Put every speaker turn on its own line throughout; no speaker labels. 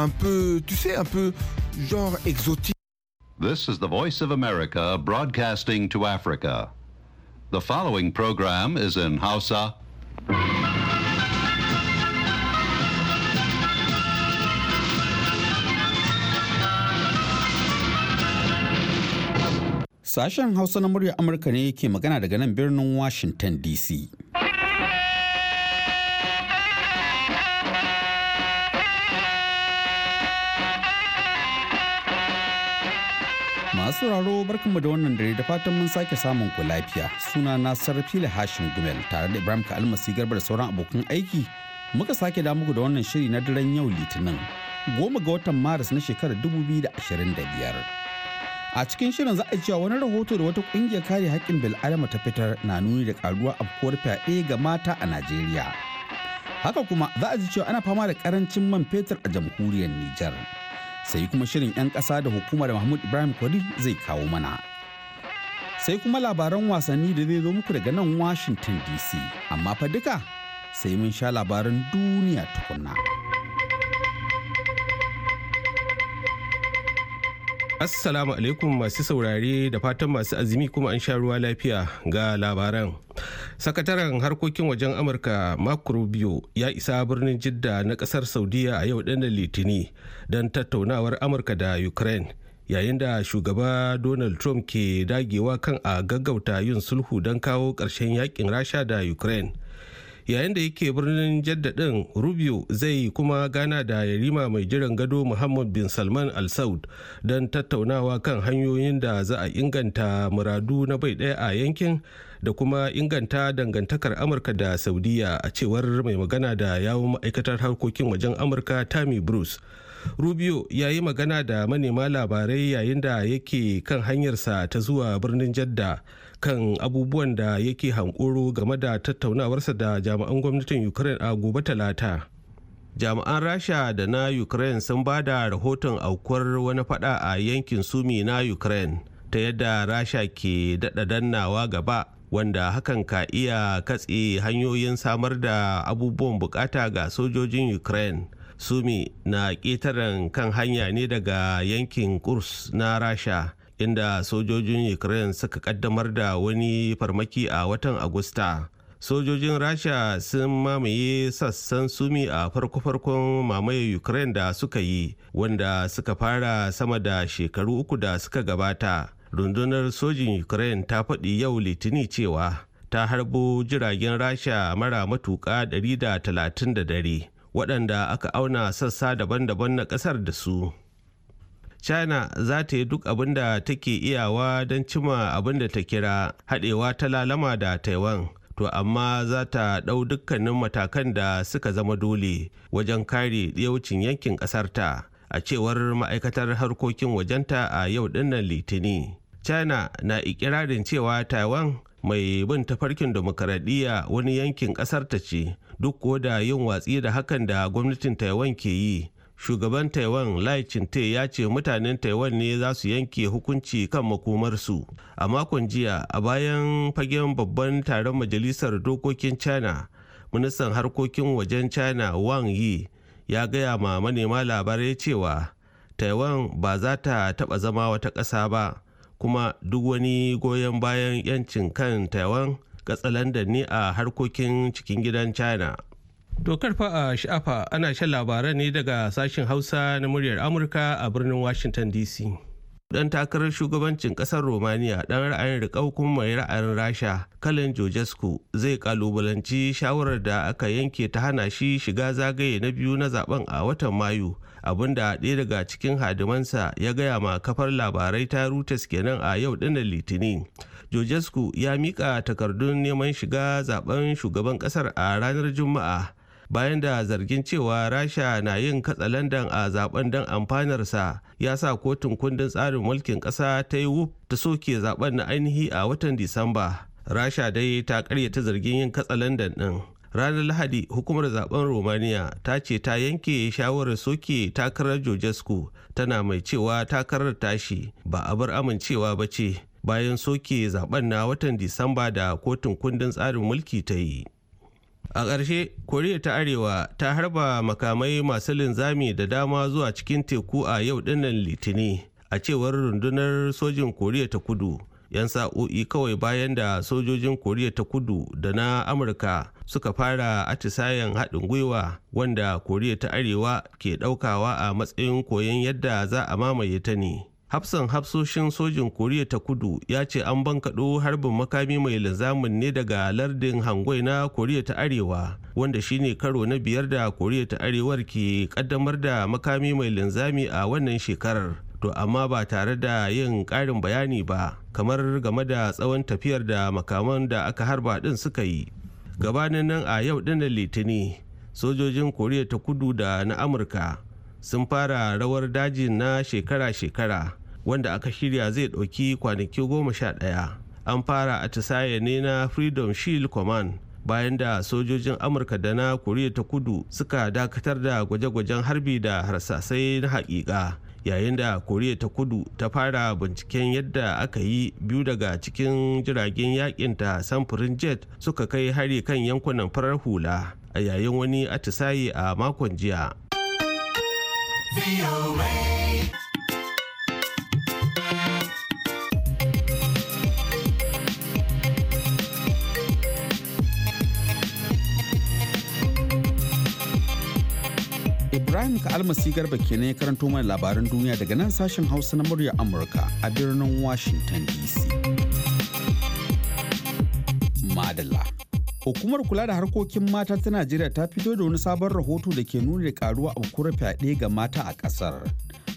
un peu, tu sais, un peu genre exotique. This is the voice of America broadcasting to Africa. The following program is in Hausa.
Sashen Hausa na murya Amurka ne ke magana daga nan birnin Washington DC. masu sauraro barkanmu da wannan dare da fatan mun sake samun ku lafiya suna na sarfila hashim gumel tare da ibrahim ka almasi garba da sauran abokan aiki muka sake da muku da wannan shiri na daren yau litinin goma ga watan maris na shekarar 2025 a cikin shirin za a cewa wani rahoto da wata kungiyar kare haƙƙin bil'adama ta fitar na nuni da karuwa afkuwar fyaɗe ga mata a najeriya haka kuma za a ji cewa ana fama da karancin man fetur a jamhuriyar nijar sai kuma shirin 'yan ƙasa da hukumar mahmud ibrahim kwari zai kawo mana sai kuma labaran wasanni da zai zo muku daga nan washington dc amma fa duka sai mun sha labaran duniya tukunna
assalamu alaikum masu saurare da fatan masu azumi kuma an sha ruwa lafiya ga labaran sakataren harkokin wajen amurka marco rubio ya isa birnin jidda na kasar saudiya a yau ɗan litini don tattaunawar amurka da ukraine yayin da shugaba donald trump ke dagewa kan a gaggauta yin sulhu don kawo ƙarshen yakin rasha da ukraine yayin da yake birnin jaddadin rubio zai kuma gana da yarima mai jiran gado muhammad bin salman al saud don tattaunawa kan hanyoyin da za a inganta muradu na bai ɗaya a yankin da kuma inganta dangantakar amurka da saudiya a cewar mai magana da yawon ma'aikatar harkokin wajen amurka tammy bruce rubio ya yi magana da manema labarai yayin da yake kan hanyarsa ta zuwa birnin jadda kan abubuwan da yake hankoro game da tattaunawarsa da jami'an gwamnatin ukraine a gobe talata jami'an rasha da na ukraine sun ba da rahoton aukuwar wani fada a yankin sumi na ukraine ta yadda rasha ke daɗa dannawa gaba wanda hakan ka iya katse hanyoyin samar da abubuwan bukata ga sojojin ukraine sumi na ƙetaren kan hanya ne daga yankin kurs na rasha inda sojojin ukraine suka kaddamar da wani farmaki a watan agusta sojojin rasha sun mamaye sassan sumi a farko-farkon mamaye ukraine da suka yi wanda suka fara sama da shekaru uku da suka gabata rundunar sojin ukraine ta faɗi yau litini cewa ta harbo jiragen rasha mara matuka 130 da dare waɗanda aka auna sassa daban-daban na ƙasar da su china za ta yi duk abin da take iyawa don cima abin da ta kira haɗewa ta lalama da taiwan to amma za ta ɗau dukkanin matakan da suka zama dole wajen kare ɗiyaucin yankin ƙasarta a cewar ma'aikatar harkokin wajenta a yau dinnan litini china na ikirarin cewa taiwan mai bin tafarkin demokaradiyya wani yankin ƙasarta ce duk ko da yin watsi da hakan da gwamnatin taiwan ke yi shugaban taiwan lai chinte ya ce mutanen taiwan ne za su yanke hukunci kan makomarsu a makon jiya a bayan fagen babban taron majalisar dokokin china ministan harkokin wajen china wang yi ya gaya ma manema labarai cewa taiwan ba za ta taba zama wata ƙasa ba kuma duk wani goyon bayan yancin kan taiwan tsalandar ne a harkokin cikin gidan china dokar fa'a a sha'afa ana shan labaran ne daga sashen Hausa na muryar Amurka a birnin Washington DC. Dan takarar shugabancin kasar Romania dan ra'ayin riƙau kuma mai ra'ayin Rasha Kalin Jojesku, zai kalubalanci shawarar da aka yanke ta hana shi shiga zagaye na biyu na zaben a watan Mayu abinda ɗaya daga cikin hadimansa ya gaya ma kafar labarai ta Reuters kenan a yau ɗinnan Litinin. Jojesku ya mika takardun neman shiga zaben shugaban ƙasar a ranar Juma'a bayan da zargin cewa rasha na yin katsalandan a zaben don amfanarsa ya sa kotun kundin tsarin mulkin ƙasa ta yi wuf ta soke zaben na ainihi a watan disamba rasha dai ta karyata zargin yin katsalandan ɗin ranar lahadi hukumar zaben romania ta ce ta yanke shawarar soke takarar jojesku tana mai cewa takarar tashi ba a bar amincewa ba ce bayan soke zaben na watan disamba da kotun kundin tsarin mulki ta yi a ƙarshe koriya ta arewa ta harba makamai masu linzami da dama zuwa cikin teku a yau dinnan litini a cewar rundunar sojin koriya ta kudu yan sa'o'i kawai bayan da sojojin koriya ta kudu da na amurka suka fara atisayen haɗin gwiwa wanda koriya ta arewa ke ɗaukawa a matsayin koyon yadda za a mamaye ta ne hafsan hafsoshin sojin koriya ta kudu ya ce an bankaɗo harbin makami mai linzamin ne daga lardin hangoi na koriya ta arewa wanda shine karo na biyar da koriya ta arewar ke kaddamar da makami mai linzami a wannan shekarar to amma ba tare da yin ƙarin bayani ba kamar game da tsawon tafiyar da makaman da aka harba ɗin suka yi gabanin nan a yau ɗin litini sojojin koriya ta kudu da na amurka sun fara rawar daji na shekara-shekara wanda aka shirya zai ɗauki kwanaki goma sha ɗaya an fara atisaye ne na freedom shield command bayan da sojojin amurka da na koriya ta kudu suka dakatar da gwaje-gwajen harbi da harsasai na haƙiƙa yayin da koriya ta kudu ta fara binciken yadda aka yi biyu daga cikin jiragen yakin ta samfurin jet suka kai hari kan yankunan farar hula a yayin wani atisaye a makon jiya.
Ibrahim Ka'almasi Garba kenan ya karanto mana labaran duniya daga nan sashen Hausa na murya Amurka a birnin Washington DC. Madalla. Hukumar kula da harkokin mata ta Najeriya ta fito da wani sabon rahoto da ke nuna da karuwa a abokura fyaɗe ga mata a ƙasar.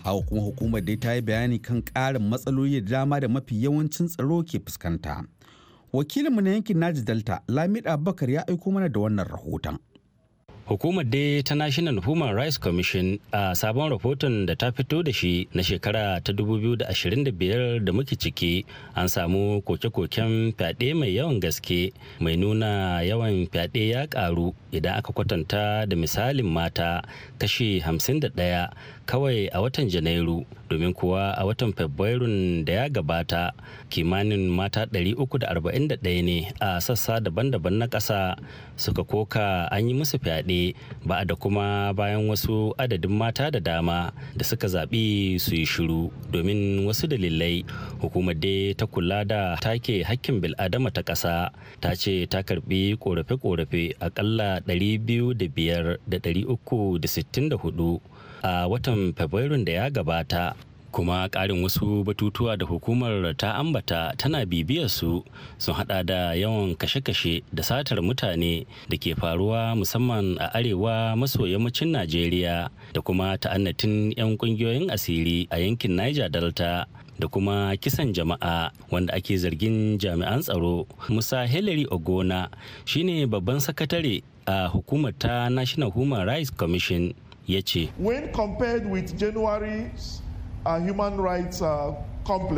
Hawa kuma hukumar dai ta yi bayani kan ƙarin matsaloli da dama da mafi yawancin tsaro ke fuskanta. Wakilinmu na yankin Naji Delta, Lamid Abubakar ya aiko mana da wannan rahoton.
Hukumar dai ta National Human Rights Commission a sabon rahoton da ta fito da shi na shekara ta 2025 da muke ciki an samu koke-koken fyaɗe mai yawan gaske mai nuna yawan fyaɗe ya ƙaru idan aka kwatanta da misalin mata kashi 51 kawai a watan janairu domin kuwa a watan fabrairun da ya gabata kimanin mata 341 ne a sassa daban-daban na ƙasa suka koka an yi musu fyaɗe ba da kuma bayan wasu adadin mata da dama da suka zaɓi su yi shiru domin wasu dalilai hukumar dai ta kula da take hakkin bil'adama ta ƙasa ta ce ta karɓi ƙorafe-ƙorafe aƙalla hudu. a watan fabrairun da ya gabata kuma ƙarin wasu batutuwa da hukumar ta ambata tana bibiyar su sun hada da yawan kashe-kashe da satar mutane da ke faruwa musamman a arewa maso yammacin najeriya da kuma ta'annatin 'yan kungiyoyin asiri a yankin niger delta da kuma kisan jama'a wanda ake zargin jami'an tsaro musa hillary ogona shine babban sakatare a hukumar ta national human rights commission ya ce
uh, uh,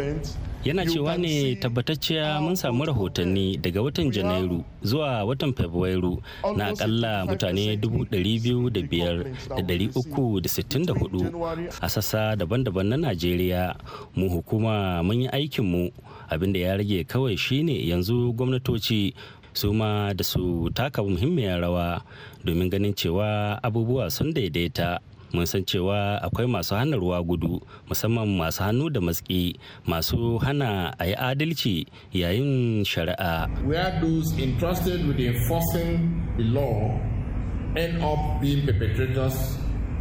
yana cewa ne tabbatacciya mun samu rahotanni daga watan janairu zuwa watan fabrairu na akalla mutane 205,364 a sassa daban-daban na najeriya mu hukuma mun yi aikinmu abinda ya rage kawai shine yanzu gwamnatoci su ma da su taka muhimmiyar rawa domin ganin cewa abubuwa sun daidaita mun san cewa akwai masu hana ruwa gudu musamman masu hannu da matsi masu hana a yi adalci yayin shari'a
with enforcing up perpetrators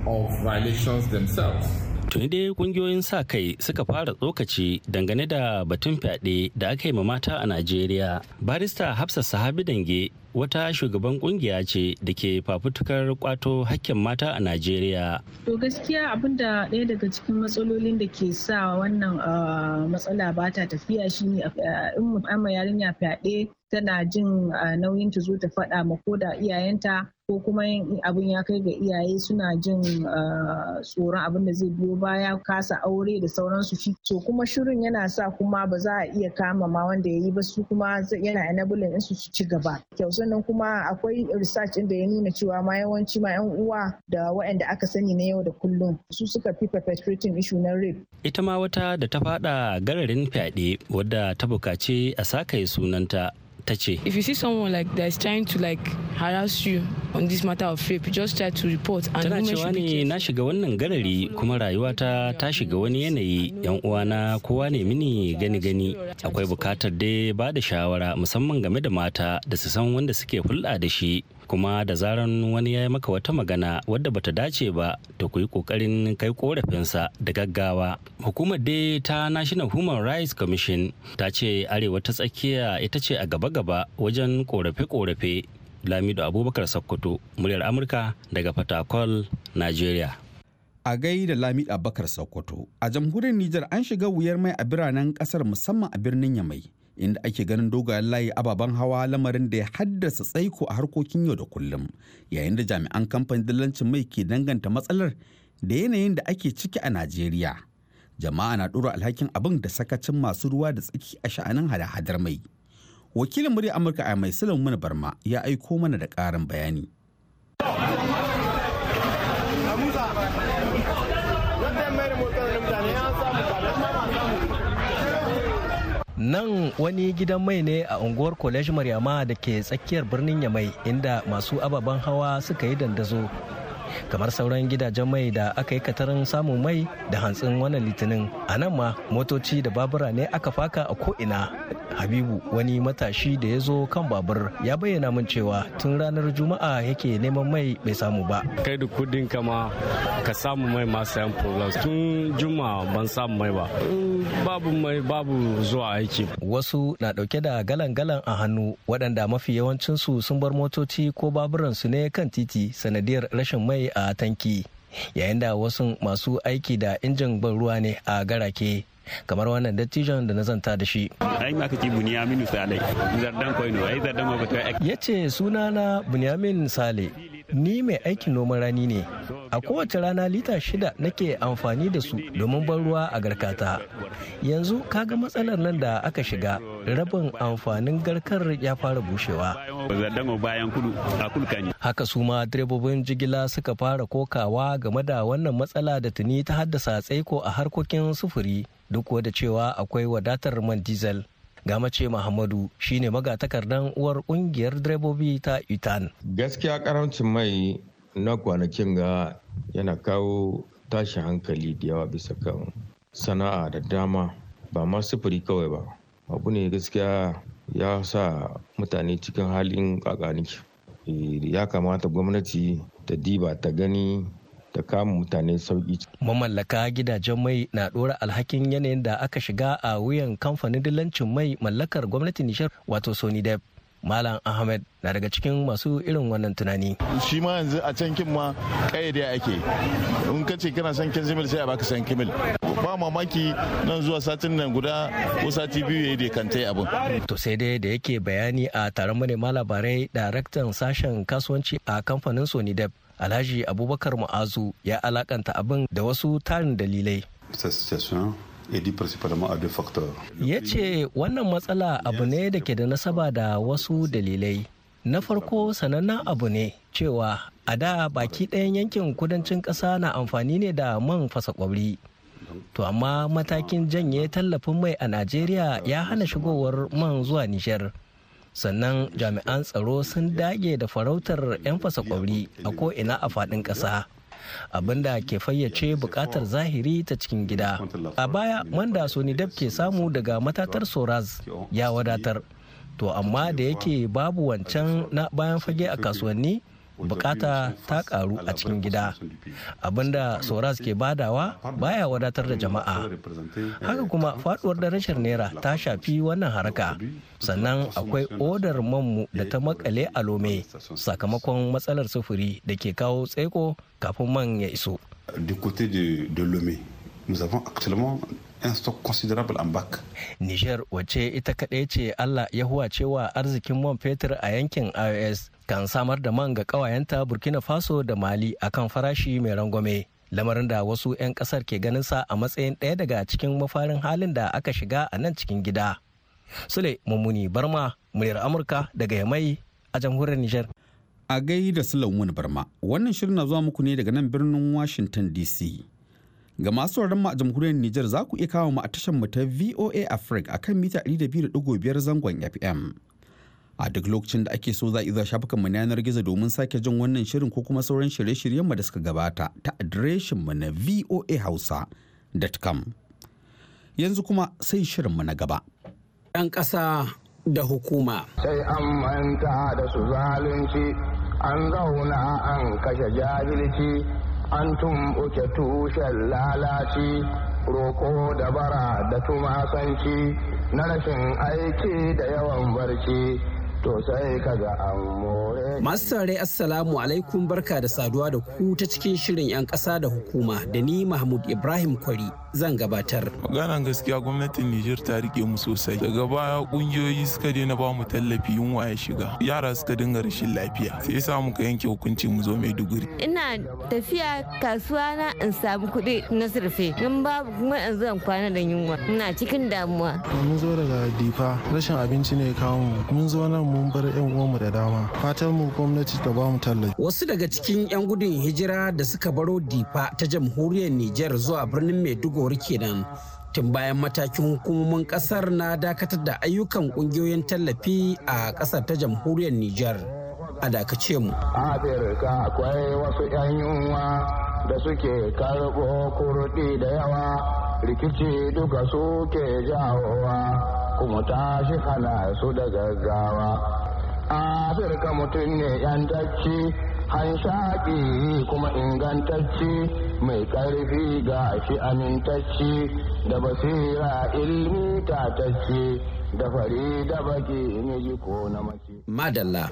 of violations themselves
tuni dai kungiyoyin sa kai suka fara tsokaci dangane da batun fyaɗe da aka yi ma mata a najeriya barista hafsa sahabi dange wata shugaban kungiya ce da ke fafutukar kwato hakkin mata a najeriya
to gaskiya abinda
ɗaya daga cikin matsalolin da ke sa wannan ah, matsala ba ta tafiya shi ne ah, in mu'amma yarinya fyaɗe tana jin ah, nauyin ta zo ta faɗa ma ko da iyayenta ko kuma abin ya kai ga iyaye suna jin tsoron abin da zai biyo baya kasa aure da sauransu shi to kuma shirin yana sa kuma ba za a iya kama ma wanda ya yi ba su kuma yana enabling su ci gaba sannan kuma akwai research da ya nuna cewa ma yawanci ma yan uwa da waɗanda aka sani na yau da kullum su suka fi perpetrating issue na rape
ita ma wata da ta fada gararin fyaɗe wadda ta bukaci a sakaye sunanta ta ce if
you see someone like that is trying to like harass
you on this matter of rape just try to report and tana cewa ne na shiga wannan garari kuma rayuwata ta shiga wani yanayi yan uwana kowa ne mini gani gani akwai bukatar dai ba da shawara musamman game da mata da su san wanda suke hulɗa da shi kuma da zaran wani ya yi maka wata magana wadda bata dace ba to ku yi kokarin kai korafinsa da gaggawa hukumar dai ta national human rights commission ta ce arewa ta tsakiya ita ce a gaba-gaba wajen korafe-korafe lamido abubakar sokoto muryar amurka daga fatakol nigeria
a gai da lamido abubakar sokoto a jamhuriyar nijar an shiga wuyar mai a biranen kasar musamman a birnin yamai inda ake ganin dogayen layi ababen hawa lamarin da ya haddasa tsaiko a harkokin yau da kullum yayin da jami'an kamfanin dillancin mai ke danganta matsalar da yanayin da ake ciki a najeriya jama'a na ɗora alhakin abin da sakacin masu ruwa da tsaki a sha'anin hada-hadar mai wakilin murya amurka a mai silin mana barma ya aiko mana da ƙarin bayani
nan wani gidan mai ne a unguwar college maryama da ke tsakiyar birnin yamai inda masu ababen hawa suka yi dandazo kamar sauran gidajen mai da aka yi katarin samun mai da hantsin wannan litinin a nan ma motoci da babura ne aka faka a ko'ina habibu wani matashi da ya zo kan babur ya bayyana min cewa tun ranar juma'a yake neman mai bai samu ba
kai da kudin kama ka samu mai masu yan problem
tun juma'a ban samu mai ba babu mai babu zuwa aiki wasu na dauke da galan-galan a hannu waɗanda mafi yawancinsu sun bar motoci ko baburansu ne kan titi sanadiyar rashin mai ne a tanki yayin da wasu masu aiki da injin ban ruwa ne a garake kamar wannan dattijon da na zanta da shi. Ya ce suna na Bunyamin Sale ni mai aikin noman rani ne a kowace rana lita shida nake amfani da su domin ban ruwa a garkata yanzu kaga matsalar nan da aka shiga rabin amfanin garkar ya fara bushewa haka su ma direbobin jigila suka fara kokawa game da wannan matsala da tuni ta haddasa tsaiko a harkokin sufuri duk da cewa akwai wadatar man diesel ga mace Muhammadu shine magatakardan uwar kungiyar direbobi ta Itan. Gaskiya karancin mai na kwanakin ga yana kawo tashi hankali da yawa bisa kan sana'a da dama ba ma sufuri kawai ba abu ne gaskiya ya sa mutane cikin halin kakaniki eh, ya kamata gwamnati ta diba ta gani da kama mutane sauki. Mamallaka gidajen mai na ɗora alhakin yanayin da aka shiga a wuyan kamfanin dillancin mai mallakar gwamnatin Nishar wato Depp. malam ahmed na daga cikin masu irin wannan tunani shi ma yanzu a can kin ma kayyade ake in ka ce kana son kin sai
a baka san kimil ba mamaki nan zuwa satin nan guda ko sati biyu ya da tai
abin to sai dai da yake bayani a taron manema labarai daraktan sashen kasuwanci a kamfanin sonidep alhaji abubakar mu'azu ya alakanta abin da wasu tarin
dalilai ya
ce wannan matsala abu ne da ke da nasaba da wasu dalilai na farko sanannen abu ne cewa a da baki ɗayan yankin kudancin ƙasa na amfani ne da man fasa ƙwabri to amma matakin janye tallafin mai a najeriya ya hana shigowar man zuwa nijar sannan jami'an tsaro sun dage da farautar 'yan fasa ƙwabri a ko'ina a faɗin ƙasa abinda ke fayyace bukatar zahiri ta cikin gida a baya manda dab ke samu daga matatar soraz ya wadatar to amma da yake babu wancan na bayan fage a kasuwanni bukata ta karu a cikin gida abinda soras ke badawa baya wadatar da jama'a
eh,
haka kuma faduwar darashar naira ta shafi wannan haraka sannan akwai odar manmu da ta makale a lome sakamakon matsalar sufuri da ke kawo tsaiko kafin man ya iso Niger wace ita kaɗai ce Allah ya huwace wa arzikin man fetur a yankin IOS kan samar da man ga kawayenta burkina faso da mali a kan farashi mai rangwame lamarin da wasu 'yan kasar ke ganin sa a matsayin ɗaya daga cikin mafarin halin da aka shiga a nan cikin gida
sule mummuni barma muryar amurka daga yamai a jamhuriyar nijar a gai da wani barma wannan shirin na zuwa muku ne daga nan birnin washington dc ga masu sauraron a jamhuriyar nijar za ku iya kawo mu a tashar mu ta voa africa akan mita 102.5 zangon fm a duk lokacin da ake so za a shafukan mu na yanar gizo domin sake jin wannan shirin ko kuma sauran shirye-shiryen mu da suka gabata ta adireshin mu na voahausa.com yanzu kuma sai shirin mu na gaba ɗan ƙasa da hukuma
sai an manta da su zalunci an zauna an kashe jahilci an tumɓuke tushen lalaci roko da bara da tumasanci na rashin aiki da yawan barci to Masu
Assalamu alaikum barka da saduwa da ku ta cikin shirin 'yan ƙasa da hukuma da ni Mahmud Ibrahim Kwari zan gabatar.
Maganan gaskiya gwamnatin Nijar ta rike mu sosai. Daga baya kungiyoyi suka daina ba mu tallafi yunwa ya shiga. Yara suka dinga rashin lafiya. Sai sa muka yanke hukunci mu zo Maiduguri.
Ina tafiya kasuwa na in samu kuɗi na surfe. In babu kuma in zan kwana da yunwa. Ina cikin damuwa.
Mun zo daga Difa rashin abinci ne kawo Mun zo nan mun bar 'yan uwanmu da dama fatan mu gwamnati ta ba mu tallafi
wasu daga cikin 'yan gudun hijira da suka baro difa ta jamhuriyar niger zuwa birnin maiduguri kenan tun bayan matakin hukumomin kasar na dakatar da ayyukan kungiyoyin tallafi a kasar ta jamhuriyar niger a dakace mu
akwai wasu 'yan yunwa da suke karbo kurɗi da yawa rikici duka suke jawowa kuma shi hana su da gaggawa afirka mutum ne yantacci hanshaƙi kuma ingantacci mai ƙarfi ga shi amintacci da basira ilmi tatacci da fari da baki ne ko na mace madalla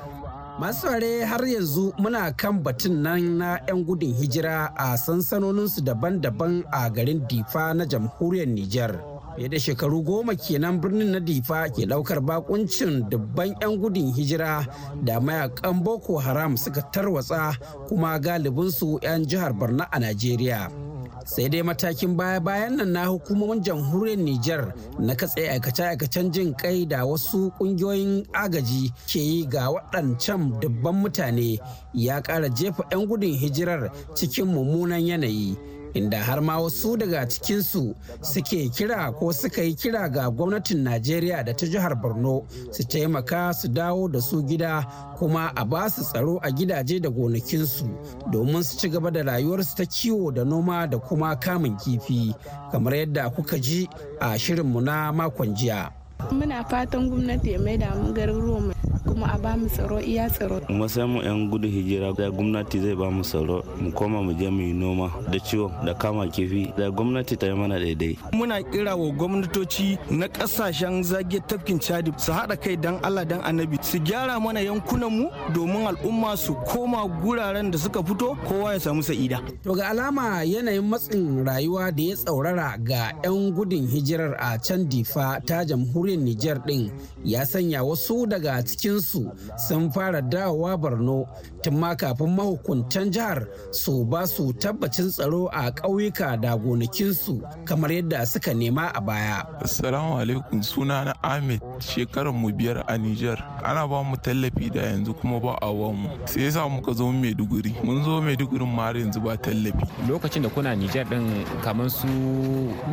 masu ware har yanzu muna kan batun nan na 'yan gudun hijira a sansanoninsu daban-daban a garin difa na jamhuriyar nijar fiye da shekaru goma kenan birnin na difa ke daukar bakuncin dubban 'yan gudun hijira da mayakan boko haram suka tarwatsa kuma galibinsu 'yan jihar borno a najeriya sai dai matakin baya-bayan nan na hukumomin jamhuriyar Niger na katse aikace-aikacen jin kai da wasu kungiyoyin agaji ke yi ga waɗancan dubban mutane ya ƙara jefa 'yan gudun hijirar cikin mummunan yanayi inda har ma wasu daga cikinsu suke kira ko suka yi kira ga gwamnatin najeriya da ta jihar borno su taimaka su dawo da su gida kuma a ba su tsaro a gidaje da gonakinsu domin su ci gaba da rayuwarsu ta kiwo da noma da kuma kamun kifi kamar yadda kuka ji a shirinmu na makon jiya muna fatan gwamnati ya da mu garuruwa kuma a bamu tsaro iya tsaro kuma sai mu yan gudu
hijira da gwamnati zai bamu tsaro mu koma mu je mu yi noma da ciwo da kama kifi da gwamnati ta yi mana daidai
muna kira wa gwamnatoci na kasashen zage tafkin chadi su haɗa kai dan Allah dan annabi su gyara mana yankunan mu domin al'umma su koma guraren da suka fito kowa ya samu sa'ida
to ga alama yanayin matsin rayuwa da ya tsaurara ga 'yan gudun hijirar a can difa ta jamhuriyar Nijar din ya sanya wasu daga cikin su sun fara dawowa borno tun ma kafin mahukuntan jihar su ba su tabbacin tsaro a ƙauyuka da gonakinsu kamar yadda suka nema a baya
assalamu alaikum suna na ahmed shekaran mu biyar a niger ana ba mu tallafi da yanzu kuma ba a wa mu sai yasa muka zo maiduguri mun zo maiduguri ma yanzu ba tallafi lokacin da kuna niger din kamar su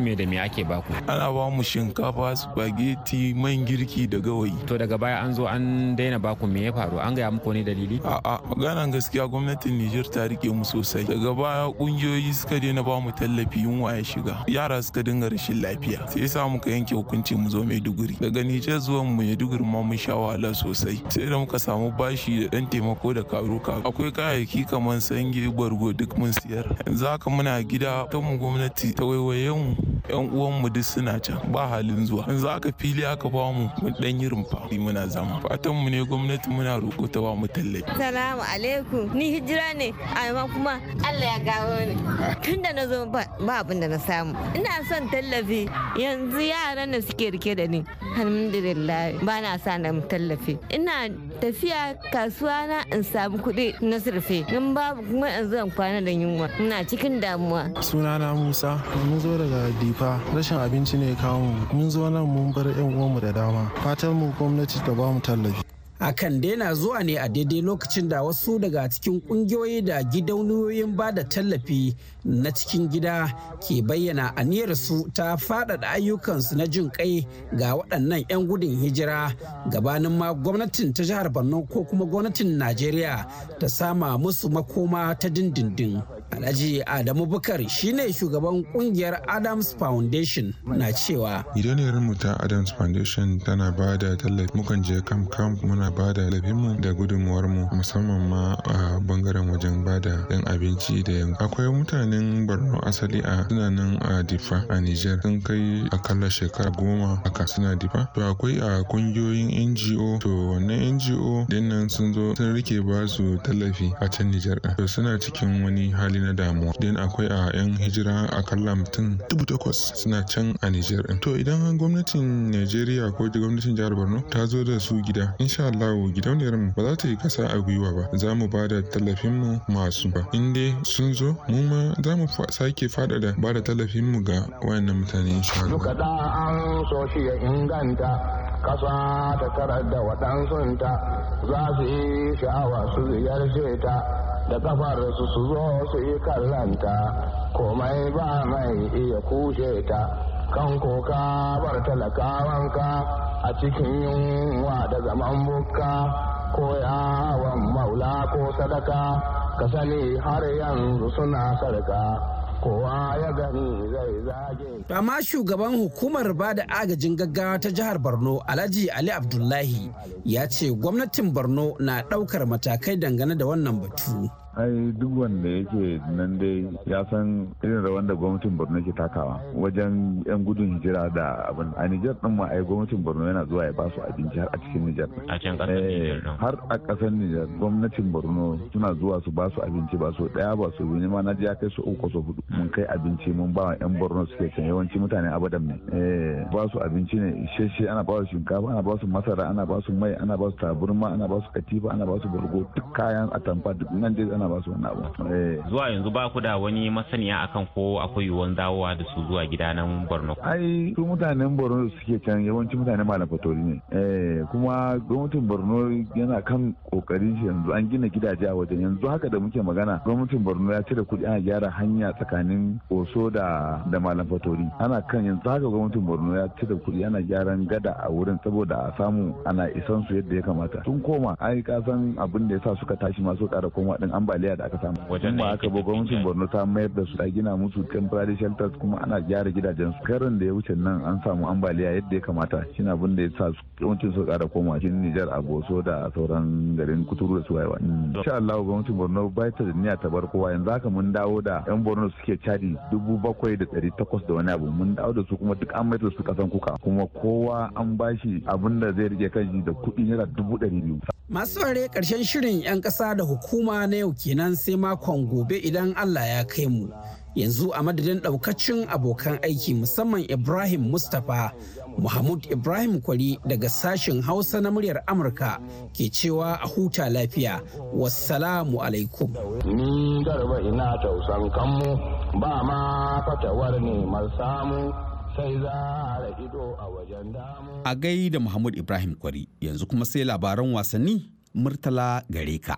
me da me ake baku ana ba mu shinkafa spaghetti man girki da gawayi to daga baya an zo an sun daina baku me ya faru an gaya muku ne dalili a'a maganan gaskiya gwamnatin Niger ta rike mu sosai daga baya kungiyoyi suka daina ba mu tallafi yunwa ya shiga yara suka dinga rashin lafiya sai yasa muka yanke hukunci mu zo Maiduguri daga Niger zuwa mu Maiduguri ma mun sha wahala sosai sai da muka samu bashi da dan taimako da karo akwai kayayyaki kamar sange bargo duk mun siyar yanzu haka muna gida ta mu gwamnati ta waiwaye mu yan uwan mu duk suna can ba halin zuwa yanzu aka fili aka ba mu mun dan yi rumfa muna zama fatan mu ne gwamnati muna roƙo ta wa mu tallafi
Salamu alaikum ni hijira ne amma kuma Allah ya gawo ni tun na zo ba abin da na samu ina son tallafi yanzu yaran da suke rike da ni alhamdulillah ba na sa na mu tallafi ina tafiya kasuwa na in samu kuɗi na surfe in babu kuma in zan kwana da yunwa ina cikin damuwa
sunana musa mun zo daga difa rashin abinci ne kawo mu mun zo nan mun bar yan uwanmu da dama fatan mu gwamnati ta ba mu tallafi
akan daina zuwa ne a daidai lokacin da wasu daga cikin kungiyoyi da gidauniyoyin ba da tallafi na cikin gida ke bayyana su ta faɗaɗa ayyukansu na jin kai ga waɗannan 'yan gudun hijira gabanin ma gwamnatin ta jihar borno ko kuma gwamnatin najeriya ta sama musu makoma ta dindindin. Alhaji Adamu Bukar shine shugaban kungiyar Adams Foundation na cewa.
Gidauniyar mu ta Adams Foundation tana ba da tallafi mukan je kam kam muna ba da mu da gudunmuwar mu musamman ma a bangaren wajen ba da yan abinci da yan. Akwai mutanen barno asali a suna nan a Difa a Niger sun kai akalla shekara goma a suna Difa. To akwai a kungiyoyin NGO to wannan NGO nan sun zo sun rike ba su tallafi a can Niger. To suna cikin wani hali na damuwa. don akwai a 'yan hijira akalla mutum dubu takwas suna can a Nijar ɗin. To idan gwamnatin Najeriya ko gwamnatin jihar Borno ta zo da su gida, insha Allahu gidauniyar mu ba za ta yi kasa a gwiwa ba. Za mu ba da tallafin mu masu ba. In dai sun zo mu ma za mu sake da ba da tallafin mu ga wayannan mutane insha Allah.
Duka da an so shi ya inganta kasa ta tara da waɗansunta za su yi sha'awa su ziyarce ta. da kafar su su zo su yi kallanta komai ba mai iya kushe ta kan koka bar talakawanka a cikin yunwa da zaman bukka ko yawon maula ko sadaka ka sani har yanzu suna sarka kowa ya gani zai zage.
Amma shugaban hukumar ba da agajin gaggawa ta jihar Borno Alhaji Ali Abdullahi ya ce gwamnatin Borno na ɗaukar matakai dangane da wannan
batu. ai duk wanda yake nan dai ya san irin rawan da gwamnatin borno ke takawa wajen yan gudun hijira da abin a nijar din ma ai gwamnatin borno yana zuwa ya basu abinci har a cikin nijar har a kasar nijar gwamnatin borno suna zuwa su basu abinci ba su daya ba su biyu ma na ji ya kai su uku su hudu mun kai abinci mun ba yan borno suke can yawanci mutane abadan ne ba su abinci ne sheshe ana ba su shinkafa ana ba su masara ana ba su mai ana ba su taburma ana ba su katifa ana ba su bargo duk kayan atamfa duk nan dai ana ba su wannan abu eh,
zuwa yanzu ba ku da wani masaniya akan ko akwai yiwuwar dawowa da su zuwa gida nan Borno
ai su mutanen Borno suke can yawanci mutanen malam fatori ne eh, kuma gwamnatin Borno yana kan kokarin shi yanzu an gina gidaje a wajen yanzu haka da muke magana gwamnatin Borno ya cire kuɗi ana gyara hanya tsakanin Oso da da malam fatori ana kan yanzu haka gwamnatin Borno ya cire kuɗi ana gyaran gada a wurin saboda a samu ana isan su yadda ya kamata Tun koma ai kasan abin da yasa suka tashi masu ƙara koma din an ambaliya da aka samu wajen ba aka ba gwamnatin borno ta mayar da su a gina musu temporary shelters kuma ana gyara gidajen su karin da ya wuce nan an samu ambaliya yadda ya kamata shine abin da ya sa yawancin su kara koma cikin Nijar a Boso da sauran garin Kuturu da su Suwaiwa insha Allah gwamnatin Borno bai ta da niyya ta bar kowa yanzu haka mun dawo da yan Borno suke cadi dubu bakwai da ɗari takwas da wani abu mun dawo da su kuma duk an mayar da su kasan kuka kuma kowa an bashi abin da zai rike kanshi da kuɗi naira dubu ɗari biyu
Masu ware ƙarshen shirin 'yan ƙasa da hukuma na yau kenan sai makon gobe idan Allah ya kai mu. Yanzu a madadin ɗaukacin abokan aiki musamman Ibrahim Mustapha, Muhammad Ibrahim Kwari daga sashen Hausa na muryar Amurka ke cewa a huta lafiya. Wassalamu
alaikum. Ni garba ina tausan kanmu ba ma fatawar ne samu.
a gai da Muhammad Ibrahim Kwari yanzu kuma sai labaran wasanni Murtala gare ka.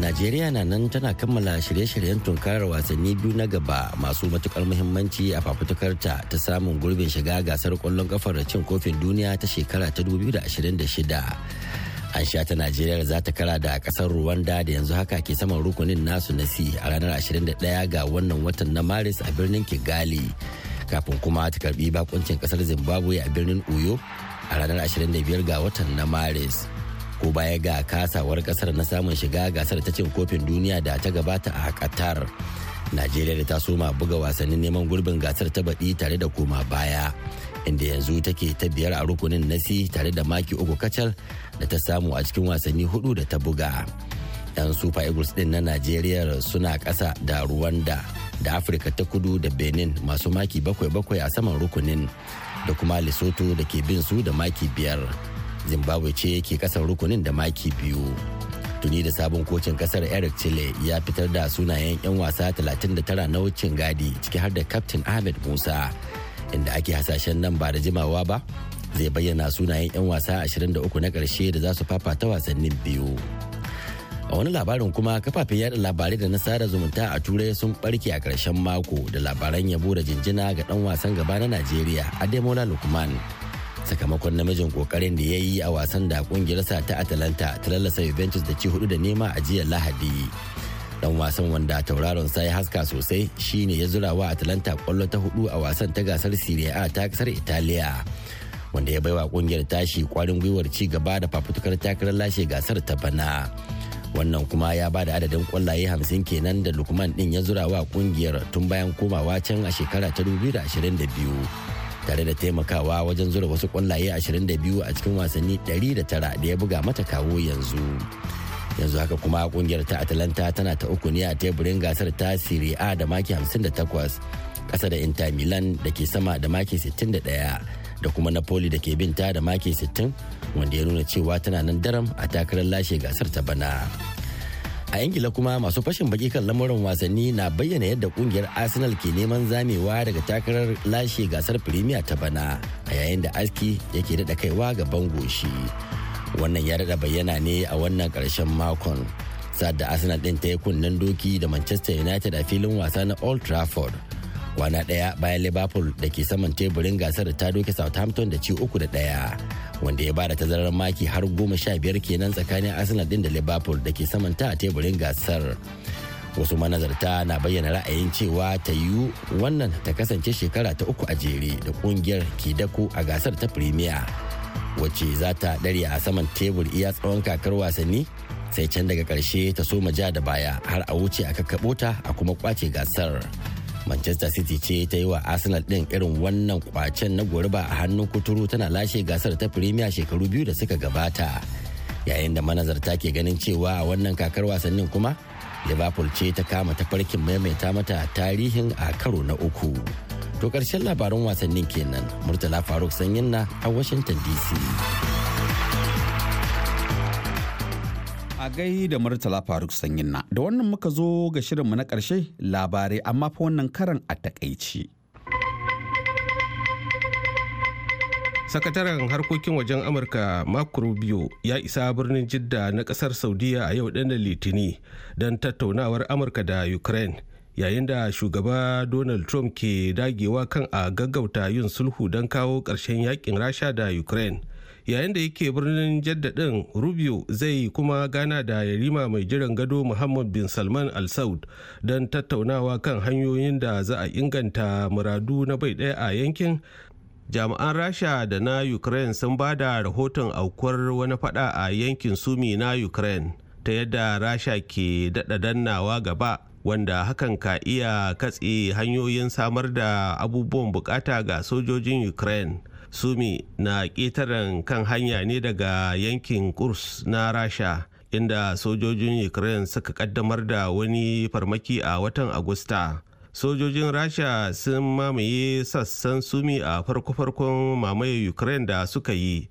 Najeriya na nan tana kammala shirye-shiryen tunkarar wasanni biyu na gaba masu matukar muhimmanci a fafutukarta ta samun gurbin shiga gasar kwallon kafar cin kofin duniya ta shekara ta 2026. Aisha ta Najeriya za ta kara da kasar Rwanda da yanzu haka ke saman rukunin nasu na si a ranar 21 ga wannan watan na Maris a birnin Kigali. Kafin kuma ta karbi bakuncin kasar Zimbabwe a birnin Uyo a ranar 25 ga watan na Maris. Ko baya ga kasawar kasar na samun shiga gasar ta cin kofin duniya da ta gabata a Qatar. Najeriya da ta soma buga wasannin neman gurbin gasar ta baɗi tare da koma baya. Inda yanzu take ta biyar a rukunin nasi tare da maki uku kacal da ta samu a cikin wasanni hudu da ta buga. 'Yan Super Eagles ɗin na Najeriya suna ƙasa da Rwanda da Afirka ta kudu da Benin masu maki bakwai-bakwai a saman rukunin da kuma Lesotho da ke bin su da maki biyar. Zimbabwe ce ke ƙasar rukunin da maki biyu. Tuni da sabon kocin ƙasar Eric Chile ya fitar da sunayen 'yan wasa 39 na wucin gadi ciki har da Captain Ahmed Musa. inda ake hasashen nan ba da jimawa ba zai bayyana sunayen 'yan wasa 23 na karshe da za su fafata wasannin biyu. A wani labarin kuma kafafen yada labarai da na sada zumunta a turai sun barke a ƙarshen mako da labaran yabo da jinjina ga ɗan wasan gaba na Najeriya Ademola Lukman. Sakamakon namijin kokarin da ya yi a wasan da ƙungiyarsa ta Atalanta ta lallasa Juventus da ci hudu da nema a jiya Lahadi. dan wasan wanda tauraron sa ya haska sosai shine ya zura wa atalanta kwallo ta hudu a wasan ta gasar serie a ta kasar italiya wanda ya baiwa kungiyar tashi kwarin gwiwar ci gaba da fafutukar takarar lashe gasar ta bana wannan kuma ya bada adadin kwallaye hamsin kenan da lukman din ya zura wa kungiyar tun bayan komawa can a shekara ta 2022 tare da taimakawa wajen zura wasu kwallaye 22 a cikin wasanni 109 da ya buga mata kawo yanzu yanzu haka kuma kungiyar ta atalanta tana ta uku ne a teburin gasar ta siri a da maki 58 kasa da inter milan da ke sama da maki 61 da kuma napoli da ke bin ta da maki 60 wanda ya nuna cewa tana nan daram a takarar lashe gasar ta bana a ingila kuma masu fashin baki kan lamurin wasanni na bayyana yadda kungiyar arsenal ke neman zamewa daga takarar lashe gasar premier ta bana a yayin da aski yake daɗa kaiwa ga bango shi. wannan ya daɗa bayyana ne a wannan ƙarshen makon sa da arsenal ɗin ta yi kunnen doki da manchester united a filin wasa na old trafford kwana ɗaya bayan liverpool da ke saman teburin gasar ta doke southampton da ci uku da ɗaya wanda ya bada tazarar maki har goma sha biyar kenan tsakanin arsenal din da liverpool da ke saman ta a teburin gasar wasu manazarta na bayyana ra'ayin cewa ta yiwu wannan ta kasance shekara ta uku a jere da kungiyar ke dako a gasar ta premier wacce za ta dare a saman tebur iya tsawon kakar wasanni sai can daga karshe ta soma ja da baya har a wuce a kakkaɓo ta a kuma kwace gasar. manchester city ce ta yi wa arsenal ɗin irin wannan kwacen na goriba a hannun kuturu tana lashe gasar ta premier shekaru biyu da suka gabata yayin da manazarta ke ganin cewa a wannan kakar wasannin kuma liverpool ce ta kama tafarkin maimaita mata tarihin a karo na uku to ƙarshen labaran wasannin kenan murtala faruk sanyin na a washington
dc gai da Murtala Faruk Sanyin na, da wannan muka zo ga shirinmu na ƙarshe labarai amma fa wannan karan
a takaici. Sakataren harkokin wajen Amurka Marco ya isa birnin Jidda na ƙasar Saudiya a yau ɗanar Litini don tattaunawar Amurka da Ukraine. yayin da shugaba Donald Trump ke dagewa kan a gaggauta yin sulhu don kawo ƙarshen yakin Rasha da Ukraine. yayin da yake birnin jadda din rubio zai kuma gana da yarima mai jiran gado muhammad bin salman al saud don tattaunawa kan hanyoyin da za a inganta muradu na bai ɗaya a yankin jami'an rasha da na ukraine sun ba da rahoton aukuwar wani fada a yankin sumi na ukraine ta yadda rasha ke daɗa dannawa gaba wanda hakan ka iya katse hanyoyin samar da abubuwan bukata ga sojojin ukraine sumi na ƙetaren kan hanya ne daga yankin kurs na rasha inda sojojin ukraine suka kaddamar da wani farmaki a watan agusta sojojin rasha sun mamaye sassan sumi a farko-farkon mamaye ukraine da suka yi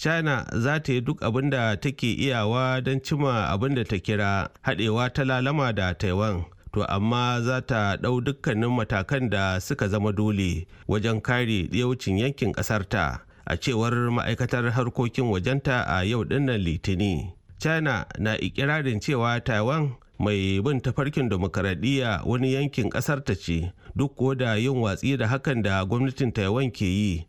china za ta yi duk abin da take iyawa don cima abin da ta kira haɗewa ta lalama da taiwan to amma za ta ɗau dukkanin matakan da suka zama dole wajen kare yaucin yankin ƙasarta a cewar ma'aikatar harkokin wajenta a yau dinnan litini china na ikirarin cewa taiwan mai bin tafarkin demokaradiyya wani yankin ƙasarta ce duk ko da yin watsi da hakan da gwamnatin taiwan ke yi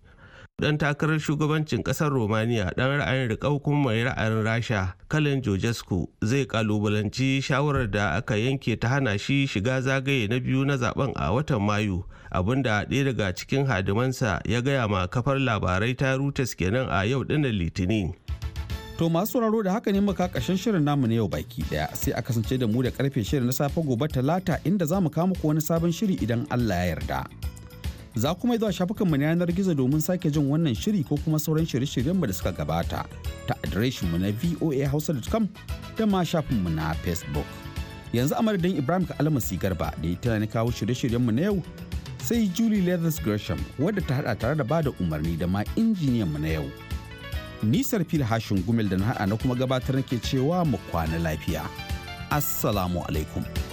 dan takarar shugabancin kasar romania dan ra'ayin riƙau kuma mai ra'ayin rasha kalin jojesku zai kalubalanci shawarar da aka yanke ta hana shi shiga zagaye na biyu na zaben a watan mayu abinda ɗaya daga cikin hadimansa ya gaya ma kafar labarai ta reuters kenan a yau dinar litinin
To masu sauraro da haka ne muka kashin shirin namu na yau baki daya sai a kasance da mu da karfe shirin na safe gobe talata inda zamu kama kawo wani sabon shiri idan Allah ya yarda. Za kuma yi zuwa shafukanmu na yanar gizo domin sake jin wannan shiri ko kuma sauran shirye-shiryenmu da suka gabata ta adireshinmu na voahausa.com da ma shafinmu na Facebook. Yanzu a madadin Ibrahim Almasi Garba da ya tana kawo shirye-shiryenmu na yau sai Julie Leathers Gresham wadda ta hada tare da bada umarni da ma injiniyanmu na yau. Nisar fil hashin gumel da na hada na kuma gabatar nake cewa mu kwana lafiya. Assalamu alaikum.